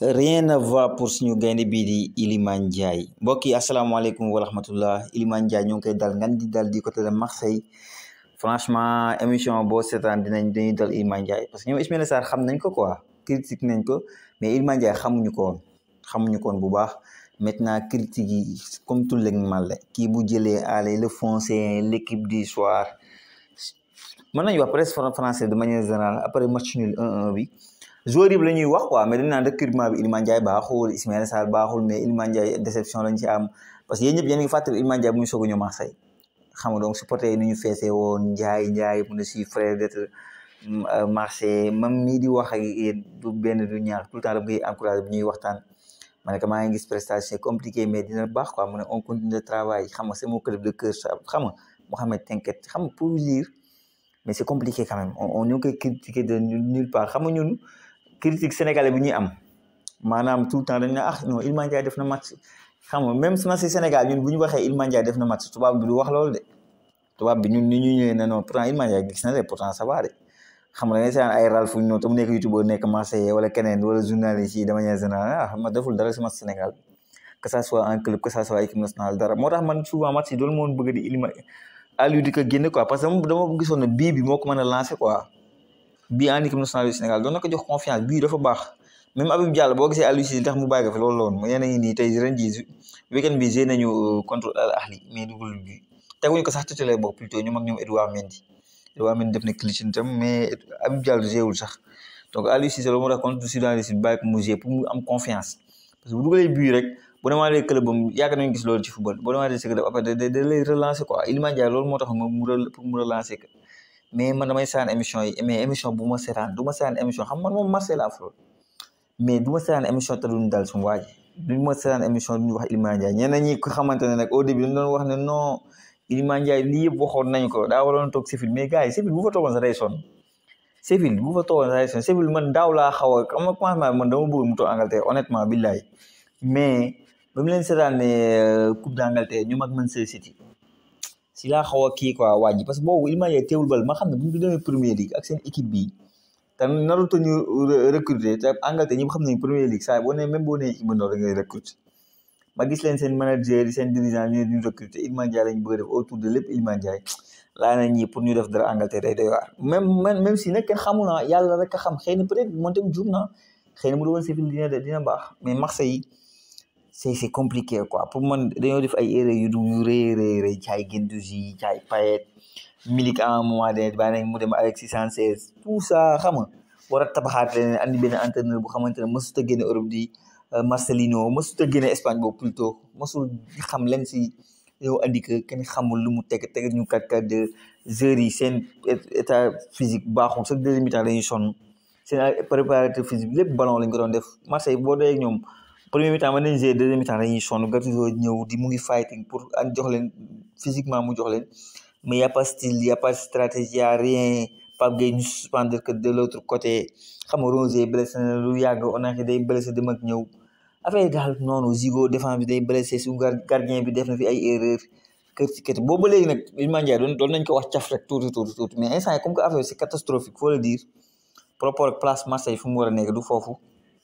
rien à voir pour suñu gaynde bii di Iliman Ndiaye mbokk yi asalaamaaleykum wa rahmatullah Iliman Ndiaye ñoo ngi koy dal ngan di dal di côté de Marseille franchement émission bo seetaan dinañ dañuy dal Iliman Ndiaye parce que ñoom Ismaïla Sarr xam nañ ko quoi critique nañ ko mais Iliman Ndiaye xamuñu ko woon xamuñu ko woon bu baax maintenant critique yi comme tout le male kii bu jëlee allez le foncé l'équipe du soir mën nañu wax presque français de manière générale après match nul 1-1 bi joueur yëpp la ñuy wax quoi mais dañ naan recrutement bi Iliman Ndiaye baaxul Ismaïla Sarr baaxul mais Iliman Ndiaye déception lañ ci am parce que yéen ñëpp yéen ngi ñu soog a ñëw Marseille xam nga donc supporter ni woon Ndiaye Ndiaye mu ne si frère d'être mm, euh, Marseille même mii di wax ak yéen du benn du ñaar tout le temps da ngay ñuy waxtaan ma ne que maa ngi gis prestation compliqué mais dina baax quoi mu ne on continue de travail xam nga c'est mon club de cœur xam nga Mohamed t'inquiète xam nga pour mais c'est compliqué quand on on ñu ngi koy de nulle part xam ñun critique sénégalais bi ñuy am maanaam tout le temps dañ ne ah non Iliman Ndiaye def na match bu ñu waxee Iliman Ndiaye def na match tubaab bi du wax loolu de tubaab bi ñun ni ñu ñëwee ne non pourtant Iliman Ndiaye gis na de pourtant ça va de xam nga da ngay seetaan ay ral fu ñu noonu te nekk youtubeur nekk Marseillais wala keneen wala journaliste yi de manière générale ah, dara si Sénégal que ça soit en club que ça soit équipe nationale dara moo tax man souvent match doolu moon bëgg di Iliman Aliou di génne bii en équipe nationale du Sénégal doon na ko jox confiance bii dafa baax même Habib Diallo boo gisee Aliou Cissé tax mu bàyyi ko fi loolu la woon mu yéen a ngi sax titulaire boobu plutôt ñoom ak ñoom Edouard Mendy Edouard Mendy def na clichin am confiance parce que bu dugalee bii rek bu demaatee club am yàgg nañu gis loolu ci football bu demaatee sa club après da da relancer quoi Iliman Ndiaye loolu moo tax mu relancer mais man damay seetaan émission yi mais émission bu ma seetaan du ma seetaan émission xam man moom marché la afro mais du ma seetaan émission te duñ dal suñu waa ji du émission duñu wax Iliman Ndiaye ñeneen ñi ko xamante ne nag au début dañu wax ne non Iliman Ndiaye lii yëpp waxoon nañ ko daa waroon toog Sifil mais gars yi Sifil bu fa toogoon sax day sonn man daaw laa xaw a am commencement man dama bëgg mu toog Angleterre honnêtement billaay mais ba mu leen seetaan ne euh, Coupe d'Angleterre ñu mag Manchester City si laa xaw kii quoi waaj parce que boobu Iliman Ndiaye teewul bal ma xam ne bu ñu demee première ligue ak seen équipe bi tamit narut a ñu recruter te Angleterre ñëpp xam nañu première ligue saa boo nee même boo nee équipe bu ndaw da ñu ñu recruter Iliman Ndiaye lañu bëgg pour ñu def dara Angleterre day doy waar même si nag kenn naa ah, yàlla rek a xam xëy na peut être moom tamit mu doon Séville dina dina baax mais Marseille c'est c'est compliqué quoi pour man dañoo def ay erreur yu dul yu rëy rëy rëy ci ay Guendouzi ci ay Payet Milik à mois moment donné bàyyi nañ mu dem avec 616 tout ça xam war a tabaxaat leneen andi benn entraîneur xamante ne mësut a génne Europe di euh, Marcelino mësut a génne Espagne boobu plutôt mësul xam leen si yow andi que kenn xamul lu mu teg teg ñu kat kat de heures yi seen état physique baaxul chaque deuxième mi-temps dañuy sonn seen préparateur physique lépp ballon lañ ko doon def Marseille boo dee ñoom. premier mi-temps mën nañ jouer deuxième mi-temps ñëw di mu ngi fighting pour ak jox leen physiquement mu jox mais y pas style y a pas stratégie y a rien Pape Gueye ñu suspendre que de l'autre côté xam nga Rose blessé na lu yàgg Onahi day blessé dem ak ñëw affaire daal noonu Zigo défense bi day blessé su gardien bi def na fi ay erreur kër ci kër boobu léegi nag Iliman Ndiaye doon nañ ko wax caf rek tuuti tuuti mais instant yi comme que affaire c'est catastrophique faut le dire par rapport mu war a nekk du foofu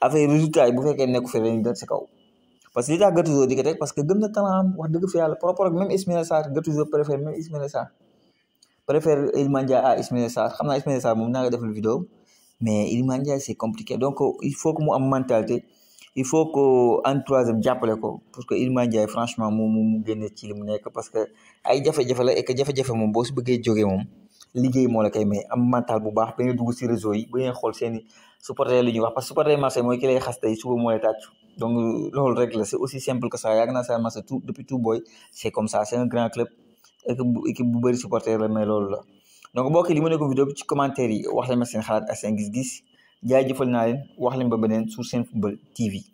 affaire résultat yi bu fekkee nekku fi dañuy jot si kaw parce que li tax Gattuso di ko parce que gëm na talent wax dëgg fi yàlla par rapport ak même Ismaïla Sarr Gattuso préfère même Ismaïla Sarr préfère Iliman Ndiaye à Ismaïla Sarr xam naa Ismaïla Sarr moom naa ko defal vidéo mais Iliman Ndiaye c'est compliqué donc il faut que mu am mentalité il faut que en jàppale ko parce que Iliman Ndiaye franchement mu mu génne ci li mu nekk parce que ay jafe-jafe la et que moom boo si bëggee jógee moom liggéey moo la koy may am mental bu baax ba ngeen si réseau yi ba xool seen i supporter li ñuy wax parce que supporter marché mooy ki lay xas tey suba moo lay tàccu donc loolu rek la c'est aussi simple que naa Sadio Mané tout depuis tout booy c'est comme ça c'est grand club équipe bu équipe supporter la loolu la donc mbokk yi li ma nekkoon vidéo bi ci commentaire yi wax leen ma seen xalaat ak seen gis-gis jaajëfal naa leen wax leen ba beneen sur Senfootball TV.